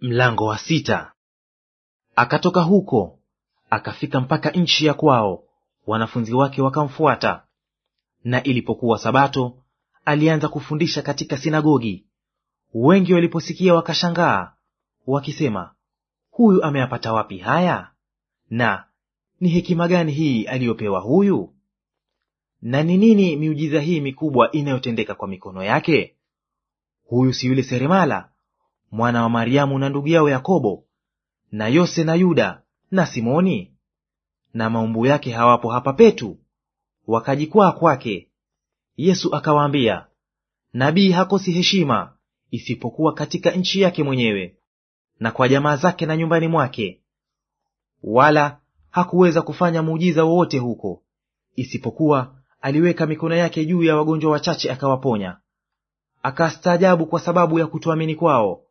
Mlango wa sita. Akatoka huko akafika mpaka nchi ya kwao, wanafunzi wake wakamfuata. Na ilipokuwa Sabato, alianza kufundisha katika sinagogi. Wengi waliposikia wakashangaa, wakisema, huyu ameyapata wapi haya? Na ni hekima gani hii aliyopewa huyu? Na ni nini miujiza hii mikubwa inayotendeka kwa mikono yake? Huyu si yule seremala mwana wa Mariamu na ndugu yao Yakobo na Yose na Yuda na Simoni na maumbu yake hawapo hapa petu, wakajikwaa kwake. Yesu akawaambia, nabii hakosi heshima isipokuwa katika nchi yake mwenyewe na kwa jamaa zake na nyumbani mwake. Wala hakuweza kufanya muujiza wowote huko, isipokuwa aliweka mikono yake juu ya wagonjwa wachache akawaponya. Akastaajabu kwa sababu ya kutoamini kwao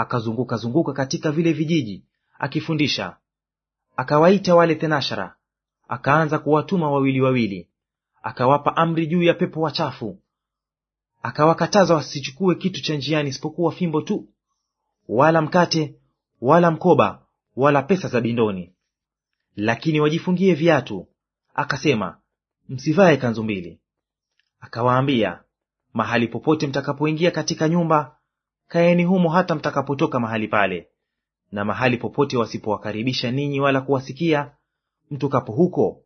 akazunguka zunguka katika vile vijiji akifundisha. Akawaita wale thenashara, akaanza kuwatuma wawili wawili, akawapa amri juu ya pepo wachafu, akawakataza wasichukue kitu cha njiani isipokuwa fimbo tu, wala mkate, wala mkoba, wala pesa za bindoni, lakini wajifungie viatu. Akasema, msivae kanzu mbili. Akawaambia, mahali popote mtakapoingia katika nyumba kaeni humo hata mtakapotoka mahali pale. Na mahali popote wasipowakaribisha ninyi wala kuwasikia, mtokapo huko,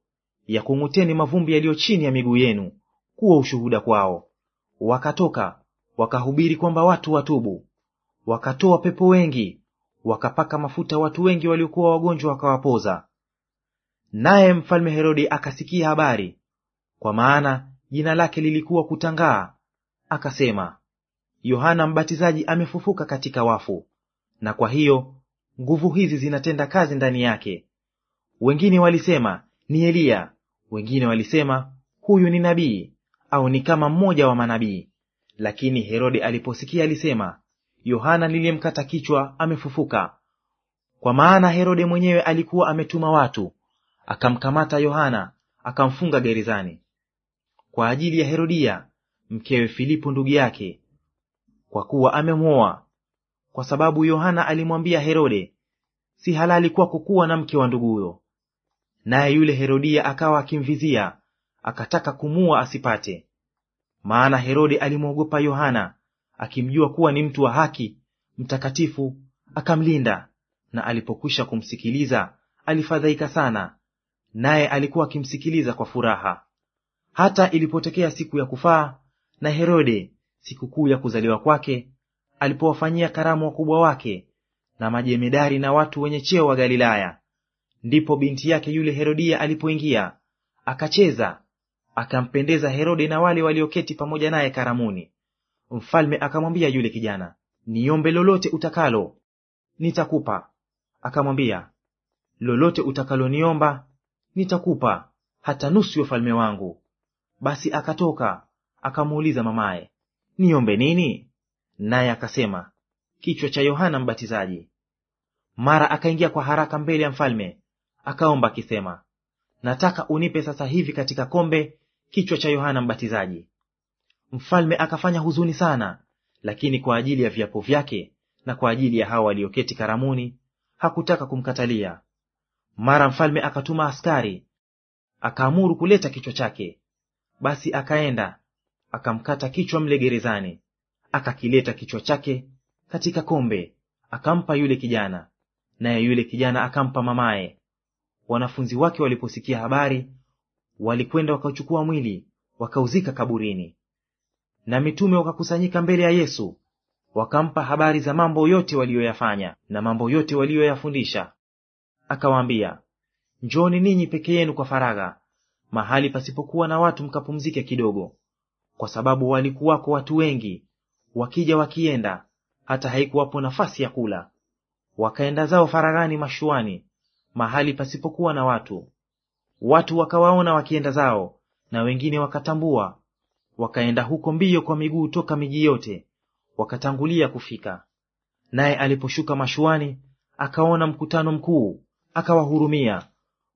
yakung'uteni mavumbi yaliyo chini ya miguu yenu kuwa ushuhuda kwao. Wakatoka wakahubiri kwamba watu watubu, wakatoa pepo wengi, wakapaka mafuta watu wengi waliokuwa wagonjwa, wakawapoza. Naye mfalme Herode akasikia habari, kwa maana jina lake lilikuwa kutangaa, akasema Yohana Mbatizaji amefufuka katika wafu, na kwa hiyo nguvu hizi zinatenda kazi ndani yake. Wengine walisema ni Eliya, wengine walisema huyu ni nabii au ni kama mmoja wa manabii. Lakini Herode aliposikia alisema, Yohana niliyemkata kichwa amefufuka. Kwa maana Herode mwenyewe alikuwa ametuma watu akamkamata Yohana akamfunga gerezani kwa ajili ya Herodia mkewe Filipo ndugu yake, kwa kuwa amemwoa, kwa sababu Yohana alimwambia Herode, si halali kwako kuwa na mke wa nduguyo. Naye yule Herodia akawa akimvizia, akataka kumua asipate. Maana Herode alimwogopa Yohana, akimjua kuwa ni mtu wa haki mtakatifu, akamlinda. Na alipokwisha kumsikiliza alifadhaika sana, naye alikuwa akimsikiliza kwa furaha. Hata ilipotokea siku ya kufaa, na Herode sikukuu ya kuzaliwa kwake, alipowafanyia karamu wakubwa wake na majemedari na watu wenye cheo wa Galilaya. Ndipo binti yake yule Herodia alipoingia akacheza, akampendeza Herode na wale walioketi pamoja naye karamuni. Mfalme akamwambia yule kijana, niombe lolote utakalo nitakupa. Akamwambia, lolote utakaloniomba nitakupa, hata nusu ya ufalme wangu. Basi akatoka akamuuliza mamaye, niombe nini? Naye akasema, kichwa cha Yohana Mbatizaji. Mara akaingia kwa haraka mbele ya mfalme, akaomba akisema, nataka unipe sasa hivi katika kombe kichwa cha Yohana Mbatizaji. Mfalme akafanya huzuni sana, lakini kwa ajili ya viapo vyake na kwa ajili ya hawa walioketi karamuni hakutaka kumkatalia. Mara mfalme akatuma askari, akaamuru kuleta kichwa chake. Basi akaenda akamkata kichwa mle gerezani, akakileta kichwa chake katika kombe, akampa yule kijana, naye yule kijana akampa mamaye. Wanafunzi wake waliposikia habari, walikwenda wakachukua mwili wakauzika kaburini. Na mitume wakakusanyika mbele ya Yesu, wakampa habari za mambo yote waliyoyafanya na mambo yote waliyoyafundisha. Akawaambia, njooni ninyi peke yenu kwa faragha mahali pasipokuwa na watu, mkapumzike kidogo kwa sababu walikuwako watu wengi wakija wakienda, hata haikuwapo nafasi ya kula. Wakaenda zao faraghani mashuani, mahali pasipokuwa na watu. Watu wakawaona wakienda zao, na wengine wakatambua, wakaenda huko mbio kwa miguu toka miji yote, wakatangulia kufika. Naye aliposhuka mashuani, akaona mkutano mkuu, akawahurumia,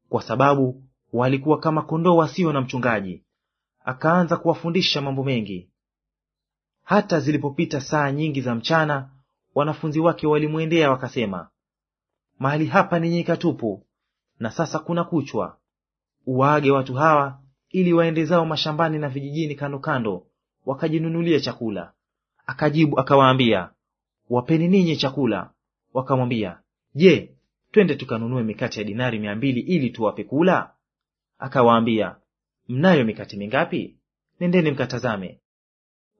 kwa sababu walikuwa kama kondoo wasio na mchungaji akaanza kuwafundisha mambo mengi. Hata zilipopita saa nyingi za mchana, wanafunzi wake walimwendea wakasema, mahali hapa ni nyika tupu, na sasa kuna kuchwa; uwaage watu hawa, ili waende zao mashambani na vijijini kando kando, wakajinunulia chakula. Akajibu akawaambia, wapeni ninyi chakula. Wakamwambia, je, twende tukanunue mikate ya dinari mia mbili ili tuwape kula? Akawaambia, mnayo mikate mingapi? Nendeni mkatazame.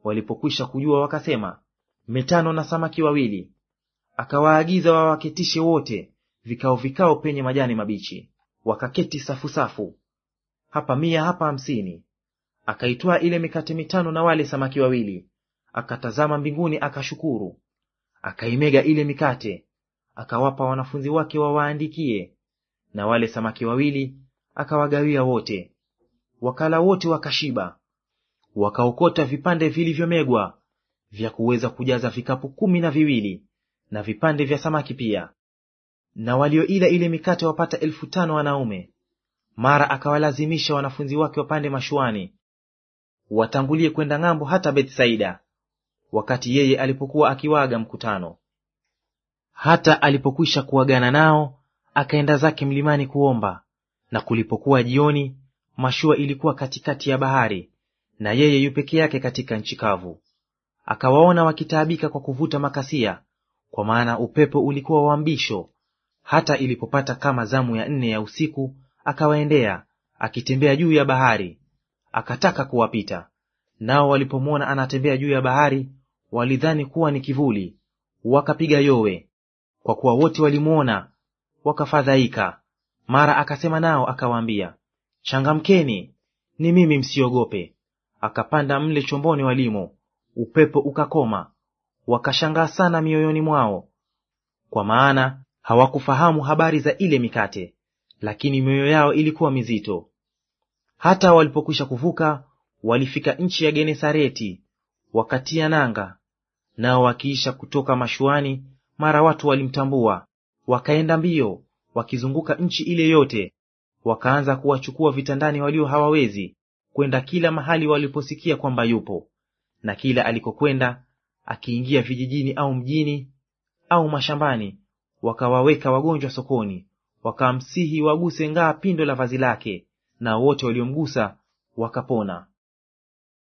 Walipokwisha kujua, wakasema mitano na samaki wawili. Akawaagiza wawaketishe wote vikao vikao penye majani mabichi, wakaketi safu safu, hapa mia, hapa hamsini. Akaitwaa ile mikate mitano na wale samaki wawili, akatazama mbinguni, akashukuru, akaimega ile mikate, akawapa wanafunzi wake wawaandikie, na wale samaki wawili akawagawia wote wakala wote wakashiba. Wakaokota vipande vilivyomegwa vya kuweza kujaza vikapu kumi na viwili na vipande vya samaki pia. Na walioila ile mikate wapata elfu tano wanaume. Mara akawalazimisha wanafunzi wake wapande mashuani watangulie kwenda ng'ambo hata Bethsaida, wakati yeye alipokuwa akiwaga mkutano. Hata alipokwisha kuagana nao, akaenda zake mlimani kuomba. Na kulipokuwa jioni, mashua ilikuwa katikati ya bahari, na yeye yu peke yake katika nchi kavu. Akawaona wakitaabika kwa kuvuta makasia, kwa maana upepo ulikuwa wa mbisho. Hata ilipopata kama zamu ya nne ya usiku, akawaendea akitembea juu ya bahari, akataka kuwapita. Nao walipomwona anatembea juu ya bahari, walidhani kuwa ni kivuli, wakapiga yowe, kwa kuwa wote walimwona, wakafadhaika. Mara akasema nao akawaambia, Changamkeni, ni mimi, msiogope. Akapanda mle chomboni walimu, upepo ukakoma, wakashangaa sana mioyoni mwao, kwa maana hawakufahamu habari za ile mikate, lakini mioyo yao ilikuwa mizito. Hata walipokwisha kuvuka, walifika nchi ya Genesareti, wakatia nanga. Nao wakiisha kutoka mashuani, mara watu walimtambua, wakaenda mbio wakizunguka nchi ile yote, wakaanza kuwachukua vitandani walio hawawezi, kwenda kila mahali waliposikia kwamba yupo, na kila alikokwenda, akiingia vijijini au mjini au mashambani, wakawaweka wagonjwa sokoni, wakamsihi waguse ngaa pindo la vazi lake, na wote waliomgusa wakapona.